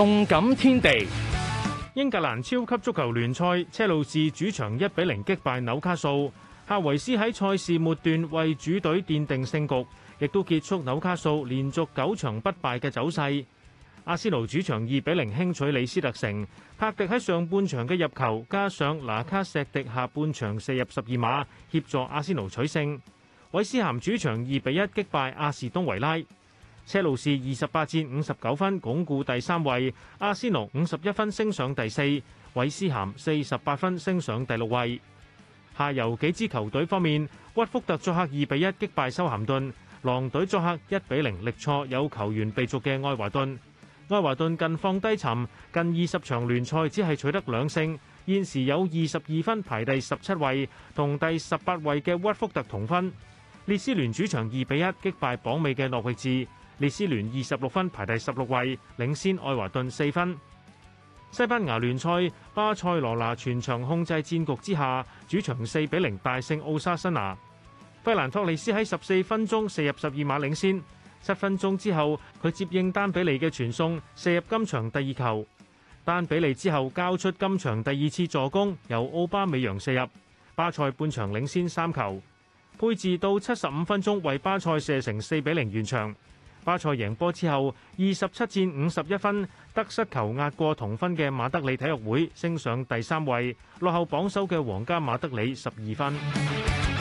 動感天地，英格蘭超級足球聯賽，車路士主場一比零擊敗紐卡素，夏維斯喺賽事末段為主隊奠定勝局，亦都結束紐卡素連續九場不敗嘅走勢。阿仙奴主場二比零輕取李斯特城，帕迪喺上半場嘅入球，加上拿卡錫迪下半場射入十二碼，協助阿仙奴取勝。韋斯咸主場二比一擊敗阿士東維拉。車路士二十八戰五十九分，鞏固第三位；阿仙奴五十一分，升上第四；韋斯咸四十八分，升上第六位。下游幾支球隊方面，屈福特作客二比一擊敗修咸頓；狼隊作客一比零力挫有球員被逐嘅愛華頓。愛華頓近況低沉，近二十場聯賽只係取得兩勝，現時有二十二分排第十七位，同第十八位嘅屈福特同分。列斯聯主場二比一擊敗榜尾嘅諾域治。列斯聯二十六分排第十六位，領先愛華頓四分。西班牙聯賽巴塞羅那全場控制戰局之下，主場四比零大勝奧沙辛拿。費蘭托利斯喺十四分鐘射入十二碼領先，七分鐘之後佢接應丹比利嘅傳送射入今場第二球。丹比利之後交出今場第二次助攻，由奧巴美揚射入。巴塞半場領先三球，配置到七十五分鐘為巴塞射成四比零完場。巴塞贏波之後，二十七戰五十一分，得失球壓過同分嘅馬德里體育會，升上第三位，落後榜首嘅皇家馬德里十二分。